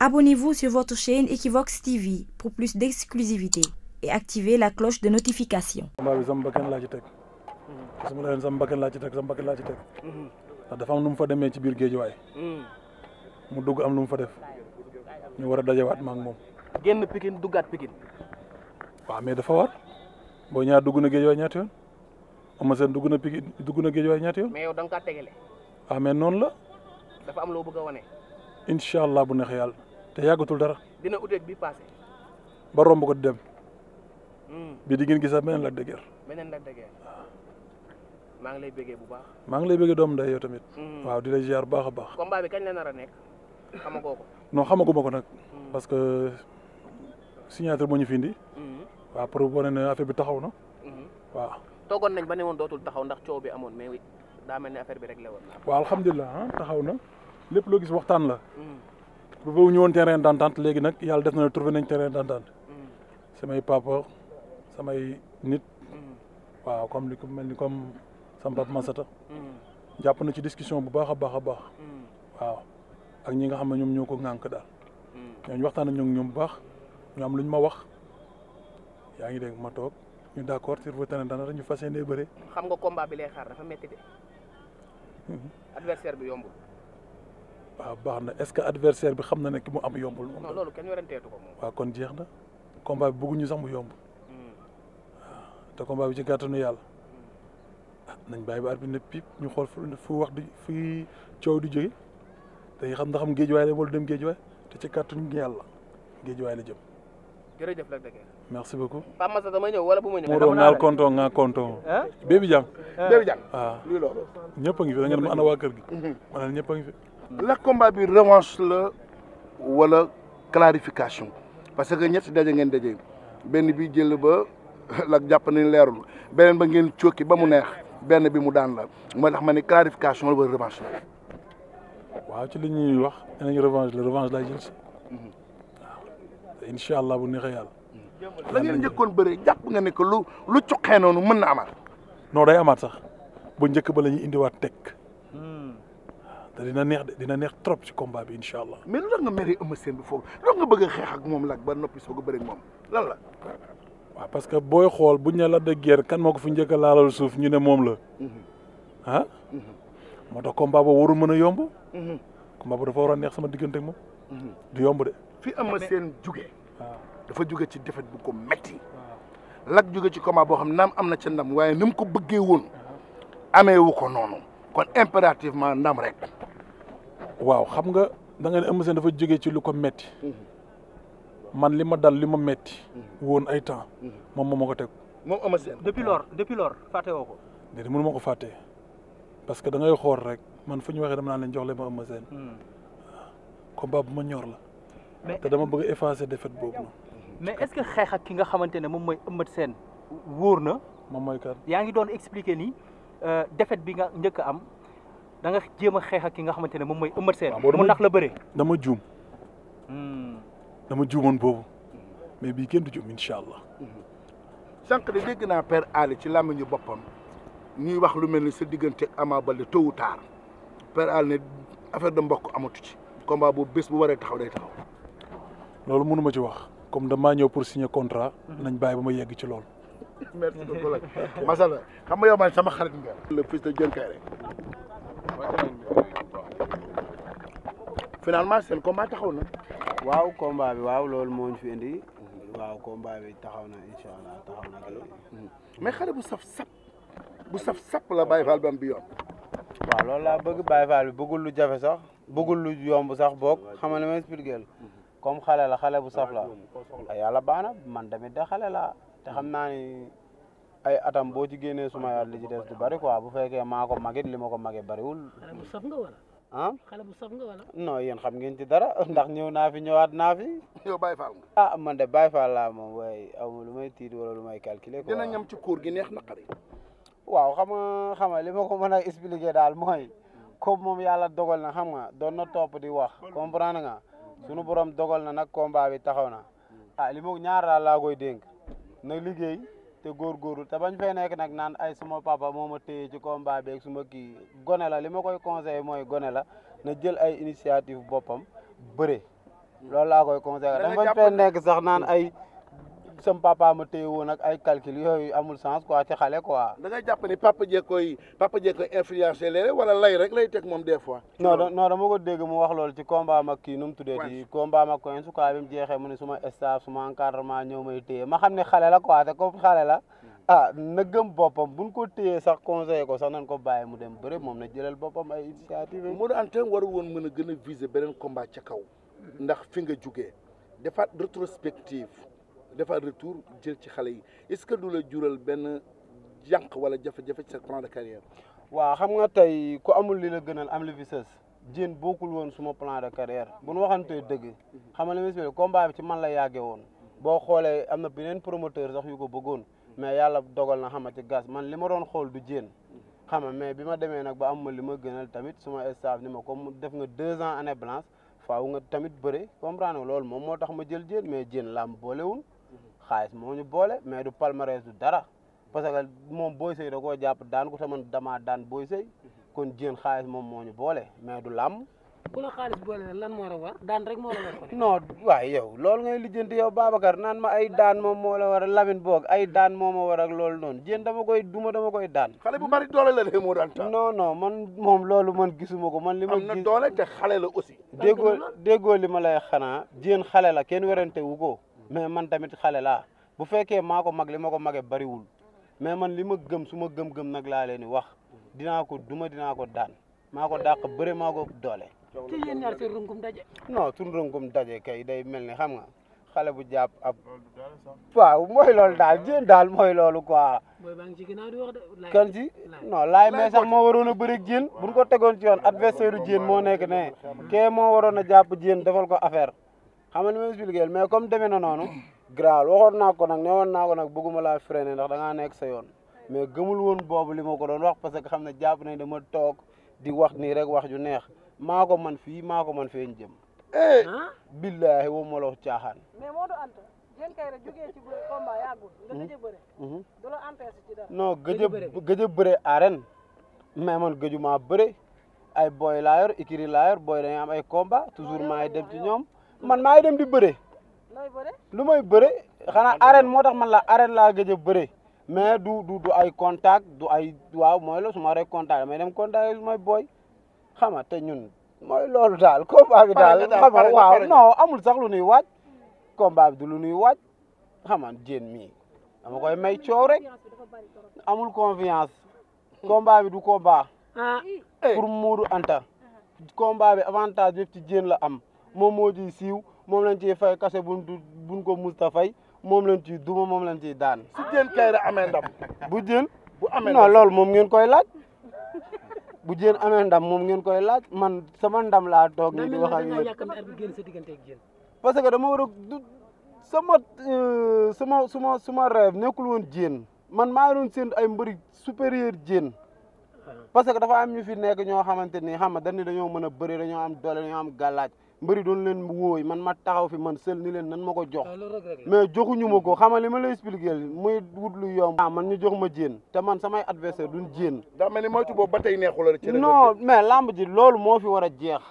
Abonnez-vous sur votre chaîne Equivox TV pour plus d'exclusivité la cloche de notification. combat bi sama bakkan laa ci teg. sama leneen laa ci teg sama bakkan laa ci teg. ndax dafa am lu mu fa demee ci biir géej waay. mu dugg am lu mu fa def. ñu war a dajewaat maak moom. genn Pikine duggaat Pikine. waaw mais dafa war boo ñaar dugg na géej waay ñaata seen dugg na Pikine dugg na géej waay ñaata yoon. mais yow da nga kaa tegele. Ah, mais noonu la. dafa am loo bëgg a wane. incha allah bu neexee yàlla. te yàggatul dara. dina uteeg bi passé. ba romb ko dem. Hmm. bi di ngeen gisaat meneen Lac de Guiers. meneen Lac ah. maa ngi lay bëggee bu baax. maa ngi lay bëggee doom ndey yow tamit. Hmm. waaw di lay ziar baax a baax. combat bi kañ la nara nekk nekk xamagoo ko. non xamaguma ko nag. Hmm. parce que signature moo ñu fi indi. waaw pour wane ne affaire bi taxaw na. waaw. toogoon nañ ba ne woon dootul taxaw ndax coow bi amoon mais daa mel ne bi rek la woon. waaw alhamdulilah taxaw na lépp loo gis waxtaan la. bu boobu ñu woon terrain d'entente léegi nag yàlla def na ne trouvé nañ terrain d'entente samay papa samay nit waaw comme li ko mel ni comme sama papa Massata jàpp na ci discussion bu baax a baax a baax waaw ak ñi nga xam ne ñoom ñoo ko ŋànk daal ñooñu waxtaan ak ñoom bu baax ñu am lu ma wax yaa ngi dégg ma toog ñu d'accord sur le terrain d'entente ñu fa seen bëre. xam nga combat bi lay xaar dafa métti de. adversaire bi yombul. waaw baax na est-ce que adversaire bi xam na ne ki mu am yombul. ko moom. na combat bi bëgguñu sax mu yomb. Hmm. waaw te combat bi ci gàttanu yàlla. ah nañ bàyyi ba arbitre ne pip ñu xool fu wax di fu coow du jóge te xam ndax am géej waay la dem géej waay te ci kàttanu yàlla géej waay la jëm. jërëjëf la dëgg. merci beaucoup. Pape Massa damay ñëw wala bu ma ñëwee. mu doon ngaa ngi fi la combat bi revanche la wala clarification parce que ñett daje ngeen daje benn bi jël ba la jàpp nañ leerul beneen ba ngeen cóoki ba mu neex benn bi mu daan la ma tax ma ne clarification la wala revanche la. waaw ci li ñuy wax dinañ revanche la revanche laa jël si. Mhm. incha allah bu neexee yàlla. Mhm. la ngeen njëkkoon bëree jàpp nga ne que lu lu cuqee noonu mën na amaat. non day amaat sax bu njëkk ba la ñuy indiwaat tek te dina neex de dina neex trop ci combat bi incha allah. mais lu tax nga meree Eumeu bi foofu lu nga bëgg a ak moom laaj ba noppi soog a bëri moom lan la. waaw parce que booy xool bu ne la de kan moo ko fu njëkk a laalal suuf ñu ne moom la. Mm-hmm. ah. Mm-hmm. moo tax combat boobu warul mën a yomb. Mm-hmm. combat boobu dafa war a neex sama diggante ak yomb de. fi Eumeu Sène jugee. Ah. dafa jugee ci défaite ko metti. Ah. jóge ci combat boo xam naam am na ca ndam waaye ni mu ko bëggee woon ah. amee wu ko noonu kon impérativement ndam rek. waaw xam nga da nga ne Eumeu Sène dafa jógee ci lu ko metti mhm. man li ma dal li ma metti mhm. woon ay temps mhm. moom moo ma ko teg. moom Eumeu Sène depuis lors depuis lors ko. déedéet mënu ma ko fàtte parce que da ngay xool rek man fu ñu waxee dama naan leen jox ma Eumeu Sène. Hmm. combat bu ma ñor la. mais te dama bëgg effacer défaite boobu noonu. mais est-ce que xeex ak ki nga xamante ne moom mooy Eumeu Sène wóor na. moom mooy kan yaa ngi doon expliquer ni euh, défaite bi nga njëkk am. da nga jéem a xeex ak ki nga xamante ne moom mooy Eumeu Sène mu nax la bëree dama juum hmm. dama juumoon boobu mais bii kenn du juum incha allah sànq de dégg naa Père Ali ci làmmiñu boppam ñuy wax lu mel ni sa diggante Ama Baldé tôt ou tard Père Ali ne de mbokk amatu ci combat boobu bés bu waree taxaw day taxaw loolu ci wax comme damaa ñëw pour signer contrat nañ bàyyi ba ma yegg ci lool merci beaucoup xam nga yow man sama xarit nga le fils de Diène finalement seen combat taxaw na. waaw combat bi waaw loolu moo ñu fi indi. waaw combat bi taxaw na incha taxaw na hmm. mais xale bu saf sap bu sap la bay Fall bi am bi yoon. waaw loolu laa bëgg Baye Fall bi bëggul lu jafe sax bëggul lu yomb sax boog xam nga li ma expliqué comme xale la xale bu saf la yàlla baax na man tamit de xale la te xam naa ni ay atam boo ci suma yaay li ci des du bari quoi bu fekkee maa ko magit li ma ko magee bariwul. xale bu saf nga wala. ah yéen xam ngeen ci dara ndax ñëw naa fi ñëwaat naa fi. yow Baye Fall nga. ah man de Baye Fall laa moom waaye aw ma lu may tiit wala lu may calculer. quoi dina ci kóor gi neex naqari. waaw xam nga xam nga li ma ko mën a expliquer daal mooy. comme moom yàlla dogal na xam nga doon na topp di wax comprendre nga sunu borom dogal na nag combat bi taxaw na ah li ma ñaar laa koy dénk na liggéey. te góorgóorlu te bañ fay nekk nag naan ay suma papa moo ma téye ci combat beeg suma kii gone la li ma koy conseillé mooy gone la na jël ay initiative boppam bëre hmm. loolu laa koy conseillé dañ bañ fay nekk sax naan ay sam papa ma téye woon ak ay calcul yooyu amul sens quoi ci xale ko da ngay jàpp ni papa jee koy papa jee wala lay rek lay teg moom des fois. non non dama ko dégg mu wax loolu ci combat ma kii nu mu tuddee. ci combat ma coin su quoi bi mu jeexee mu ne suma staff suma encadrement ñëw may téye ma xam ne xale la quoi te comme xale la. Hmm. a ah, na gëm boppam buñ ko téyee sax conseillé ko sax nañ ko bàyyi mu dem bëre moom na jëlal boppam ay initiative yi. Modou Anta waru woon mën a gën a viser beneen combat ca kaw. Hmm. ndax fi nga jugee defaat rétrospective. defaat retour jël ci xale yi est-ce que du la jural benn jànq wala jafe-jafe ci sa plan de carrière. waa xam nga tey ku amul li la gënal am li fi sës Diène bokkul woon suma plan de carrière bu nu waxantee dëgg xam nga li combat bi ci man la yàggee woon boo xoolee am na beneen promoteur sax yu ko bëggoon mais yàlla dogal na xama ci man li ma doon xool du Diène xam nga mais bi ma demee nag ba am ma li ma gënal tamit suma staff ni ma ko def nga deux ans année blanche faaw nga tamit bëre comprendre nga loolu moom moo tax ma jël Diène mais Diène làmb boolewul xaalis moo ñu boole mais du palmarès du dara parce que moom booy sëy da koo jàpp daan ko man damaa daan booy sëy kon jéen xaalis moom moo ñu boole mais du làmm. bu la xaalis boole lan moo la war daan rek moo la waaye yow loolu ngay lijjanti yow Babacar naan ma ay daan moom moo la war a Lamine boog ay daan moo ma war ak loolu noonu jéen dama koy duma dama koy daan. xale bu bari doole la de moo daan taa. non man moom loolu man gisuma ko man. li ma gis doole te xale la aussi. déggoo déggoo li ma lay xanaa jéen xale la kenn werante wu ko. mais man tamit xale laa bu fekkee maa ko mag li ma ko magee bariwul mais man li ma gëm suma ma gëm-gëm nag laa leen di wax dinaa ko duma dinaa ko daan maa ko dàq bëre maa ko doole. ci yéen ñaar seen rungum daje. non suñu day mel ni xam nga xale bu jàpp ab. waaw mooy loolu daal jéen daal mooy loolu quoi. mooy baa ngi ci ginnaaw di wax de. kan ci non laay mais sax moo waroon a bëri jéen bu ñu ko tegoon ci yoon adversaire jéen moo nekk ne. kee moo waroon na jàpp jéen defal ko affaire. xam nga ni ma expliqué mais comme demee na noonu graal waxoon naa ko nag ne woon naa ko nag bëgguma laa freiné ndax da ngaa nekk sa yoon mais gëmul woon boobu li ko doon wax parce que xam ne jàpp nañ dama toog di wax nii rek wax ju neex maa ko man fii maa ko man fee jëm eh! ah? billaahi wa ma la caaxaan Diène Kaïré hmm? hmm? gëj a bëre. du la empêche ci dara. bëre mais man gëjuma bëre ay booy laa yor ikiri laa yor booy dañuy am ay combat toujours maay dem ci ñoom. man maa ngi dem di bëre. lu may bëre xanaa arène moo tax man la arène laa gëj a bëre mais du du du ay contact du ay waaw mooy la su ma rek dem contact may boy xam nga te ñun mooy loolu daal combat bi daal xam nga amul sax lu nuy waaj combat bi du lu nuy waaj xam nga jéen mii dama koy may coow amul confiance combat bi du combat ah. pour Modou Anta combat bi avantage yëpp ci jéen la am moom moo ciy siiw moom lañ ciy fay kase buñ buñ ko musta fay moom lañ ciy duma moom lañ ciy daan. su jën kay la amee ndam. bu jën. bu amee ndam non moom ngeen koy laaj. bu jën amee ndam moom ngeen koy laaj man sama ndam laa toog nii di wax ak yéen. parce que dama war a du sama euh, sama suma suma rêve nekkul woon jën man maa doon seen ay mbëri supérieur jën. Ah. parce que dafa am ñu fi nekk ñoo xamante ni xam nga da ne dañoo mën a bëri dañoo am doole dañoo am gàllaaj mbëri doon leen wóoy man ma taxaw fi man sel ni leen nan ma ko jox ah, mais joxuñu ma ko xamal li ma lay expliquer muy wut lu yomb a ah, man ñu jox ma jéen te man samay adversaire duñ jéen daa mel ni moytu boobu ba tey neexul rek non mais lamb ji loolu moo fi war a jeex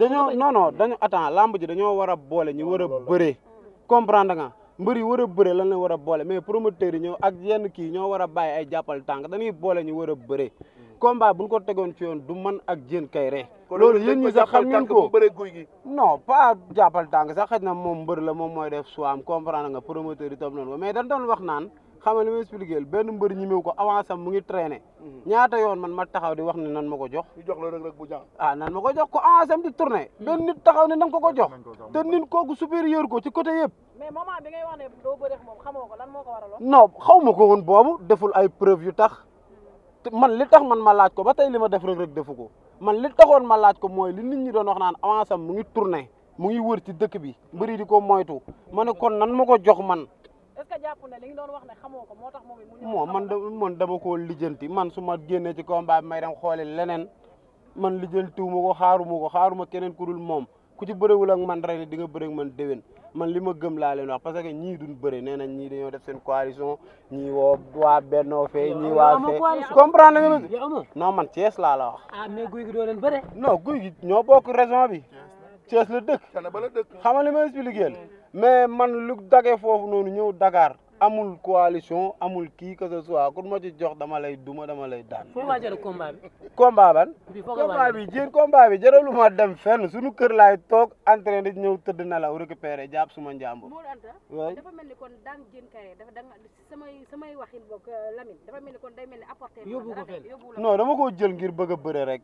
dañoo non non dañu attends lamb ji dañoo war a boole ñu war a bëre comprendre nga mbër yi war a bëre lan la war a boole mais promoteurs yi ñoo ak yenn ki ñoo war a bàyyi ay jàppal tànk dañuy boole ñu war a bëre mm. combat bu ñu ko tegoon ci yoon du man ak Diène Kairé loolu yéen ñi sax xam ngeen ko no pa jàppal tànk sax xëy na moom mbër la moom mooy def soo am comprendre nga promoteur yi toog noonu ko mais dañ doon wax naan xam nga li may expliqué benn mbër ñimew ko avance am mu ngi traîner. Mhm. ñaata yoon man ma taxaw di wax ne nan ma ko jox. ñu jox la rek rek bu jàng. ah nan ma ko jox ko avance am di tourner. Mhm. benn nit taxaw ne nan ko ko jox. te nit kooku supérieur ko ci côté yëpp. mais moment ngay wax ne doo bëri ko lan moo ko waraloon. non ma ko woon boobu deful ay preuve yu tax man li tax man ma laaj ko ba tey li ma def rek rek defu ko man li taxoon ma laaj ko mooy li nit ñi doon wax naan avance am mu ngi tourner mu ngi wër ci dëkk bi mbëri di ko moytu ma ne kon nan ma ko jox man est-ce que jàpp na li nga doon wax ne xamoo ko moo tax man da man dama koo lijjanti man su ma génnee ci combat bi may dem xooli leneen man lijjantiwuma ko xaaruma ko xaaruma keneen ku dul moom ku ci bëréwul ak man ren di nga bëre ak man déwén man li ma gëm laa leen wax parce que ñii duñ bëre nee nañ ñii dañoo def seen coalition ñii woo waa bennoo fee ñii waa fee comprendre nga ma man Thiès laa la wax ah, guy gi doo leen bëre non guy gi ñoo bokk raison bi Thiès la dëkk xama li ma expliqué mais man lu dage foofu noonu ñëw Dakar amul coalition amul kii que ce soit ku ma dama lay duma dama lay daan. foo waajal combat bi. combat ban. bi combat bi dem fenn suñu kër laay toog entrain di ñëw tëdd na la récupéré jàpp suma njàmbur. waaw dafa samay samay euh, ko dama ko jël ngir bëgg a bëre rek.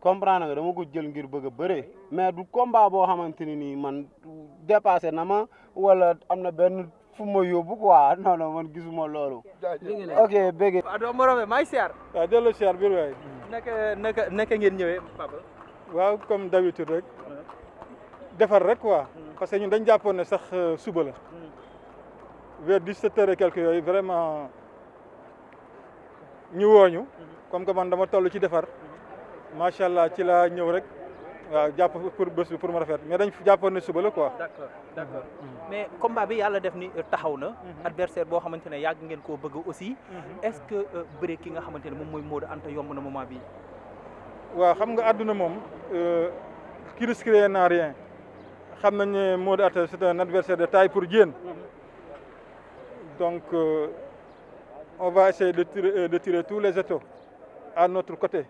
comprendre nga dama ko jël ngir bëgg a bëre mais du combat xamante ni nii man. dépassé na ma wala am na benn fu ma yóbbu quoi non non man gisuma loolu. ok bëgg. waaw maa ngi siyaar. waaw ah, delloo siyaar biir waay. naka naka naka ngeen ñëwee waaw comme d'habitude rek. defar rek quoi. Hmm. parce que ñun dañ jàppoon ne sax euh, suba la. Hmm. vers dix-sept heures et quelques vraiment ñu wooñu hmm. comme que man dama toll ci defar. macha allah ci la ñëw rek. waaw jàpp pour bés bi pour mu rafet mais dañ jàppoon ne suba la ko d' accord d' accord mm. mm. mais combat bi yàlla def ni euh, taxaw na. Mm-hmm. adversaire boo xamante ne yàgg ngeen koo bëgg aussi. Mm-hmm. est ce que euh, bëre ki nga xamante ne moom mooy Modou Anta yomb na moment bi waaw xam nga àdduna moom euh, qui risque rien n'a xam nañ ne Modou Anta c' adversaire de taille pour Diène. Mm-hmm. donc euh, on va essayer de tirer, de tirer tous les étaux à notre côté.